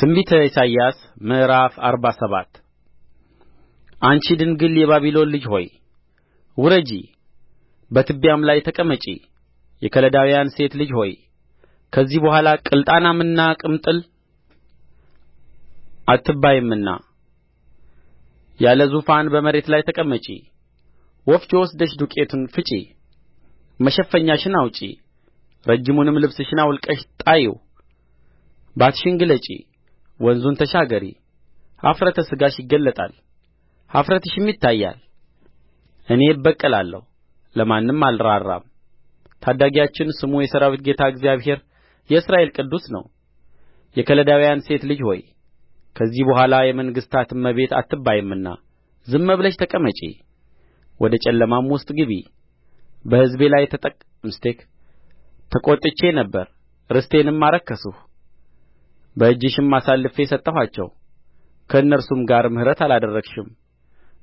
ትንቢተ ኢሳይያስ ምዕራፍ አርባ ሰባት አንቺ ድንግል የባቢሎን ልጅ ሆይ ውረጂ በትቢያም ላይ ተቀመጪ የከለዳውያን ሴት ልጅ ሆይ ከዚህ በኋላ ቅልጣናምና ቅምጥል አትባይምና ያለ ዙፋን በመሬት ላይ ተቀመጪ። ወፍጮ ወስደሽ ዱቄቱን ፍጪ፣ መሸፈኛሽን አውጪ፣ ረጅሙንም ልብስሽን አውልቀሽ ጣዪው፣ ባትሽን ግለጪ፣ ወንዙን ተሻገሪ ኀፍረተ ሥጋሽ ይገለጣል ኀፍረትሽም ይታያል እኔ እበቀላለሁ ለማንም አልራራም ታዳጊያችን ስሙ የሠራዊት ጌታ እግዚአብሔር የእስራኤል ቅዱስ ነው የከለዳውያን ሴት ልጅ ሆይ ከዚህ በኋላ የመንግሥታት እመቤት አትባይምና ዝም ብለሽ ተቀመጪ ወደ ጨለማም ውስጥ ግቢ በሕዝቤ ላይ ተጠቅ ተቈጥቼ ነበር ርስቴንም አረከስሁ በእጅሽም አሳልፌ ሰጠኋቸው ከእነርሱም ጋር ምሕረት አላደረግሽም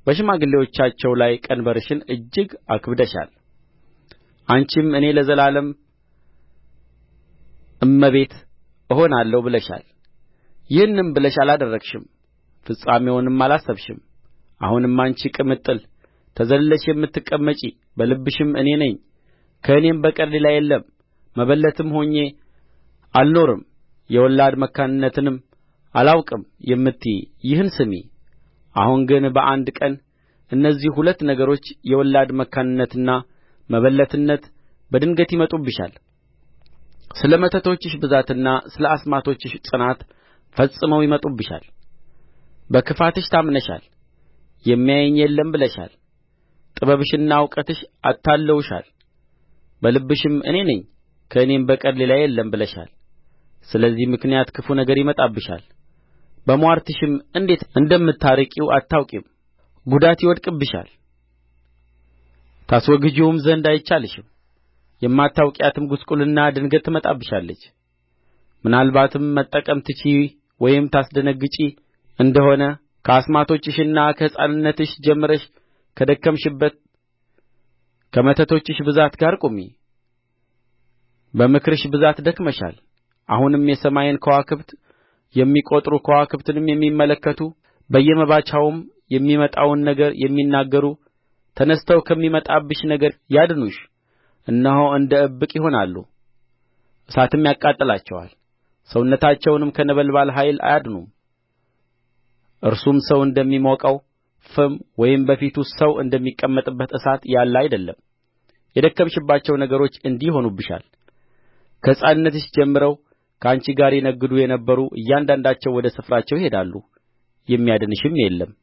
በሽማግሌዎቻቸው ላይ ቀንበርሽን እጅግ አክብደሻል አንቺም እኔ ለዘላለም እመቤት እሆናለሁ ብለሻል ይህንም ብለሽ አላደረግሽም ፍጻሜውንም አላሰብሽም አሁንም አንቺ ቅምጥል ተዘልለሽ የምትቀመጪ በልብሽም እኔ ነኝ ከእኔም በቀር ሌላ የለም መበለትም ሆኜ አልኖርም የወላድ መካንነትንም አላውቅም የምትዪ ይህን ስሚ አሁን ግን በአንድ ቀን እነዚህ ሁለት ነገሮች የወላድ መካንነትና መበለትነት በድንገት ይመጡብሻል ስለ መተቶችሽ ብዛትና ስለ አስማቶችሽ ጽናት ፈጽመው ይመጡብሻል በክፋትሽ ታምነሻል የሚያየኝ የለም ብለሻል ጥበብሽና እውቀትሽ አታልለውሻል በልብሽም እኔ ነኝ ከእኔም በቀር ሌላ የለም ብለሻል ስለዚህ ምክንያት ክፉ ነገር ይመጣብሻል በምዋርትሽም እንዴት እንደምታርቂው አታውቂም ጉዳት ይወድቅብሻል ታስወግጂውም ዘንድ አይቻልሽም የማታውቂያትም ጕስቍልና ድንገት ትመጣብሻለች ምናልባትም መጠቀም ትችዪ ወይም ታስደነግጪ እንደ ሆነ ከአስማቶችሽና ከሕፃንነትሽ ጀምረሽ ከደከምሽበት ከመተቶችሽ ብዛት ጋር ቁሚ በምክርሽ ብዛት ደክመሻል አሁንም የሰማይን ከዋክብት የሚቈጥሩ ከዋክብትንም የሚመለከቱ በየመባቻውም የሚመጣውን ነገር የሚናገሩ ተነሥተው ከሚመጣብሽ ነገር ያድኑሽ እነሆ እንደ እብቅ ይሆናሉ እሳትም ያቃጥላቸዋል ሰውነታቸውንም ከነበልባል ኃይል አያድኑም እርሱም ሰው እንደሚሞቀው ፍም ወይም በፊቱ ሰው እንደሚቀመጥበት እሳት ያለ አይደለም የደከምሽባቸው ነገሮች እንዲህ ይሆኑብሻል ከሕፃንነትሽ ጀምረው ከአንቺ ጋር ይነግዱ የነበሩ እያንዳንዳቸው ወደ ስፍራቸው ይሄዳሉ የሚያድንሽም የለም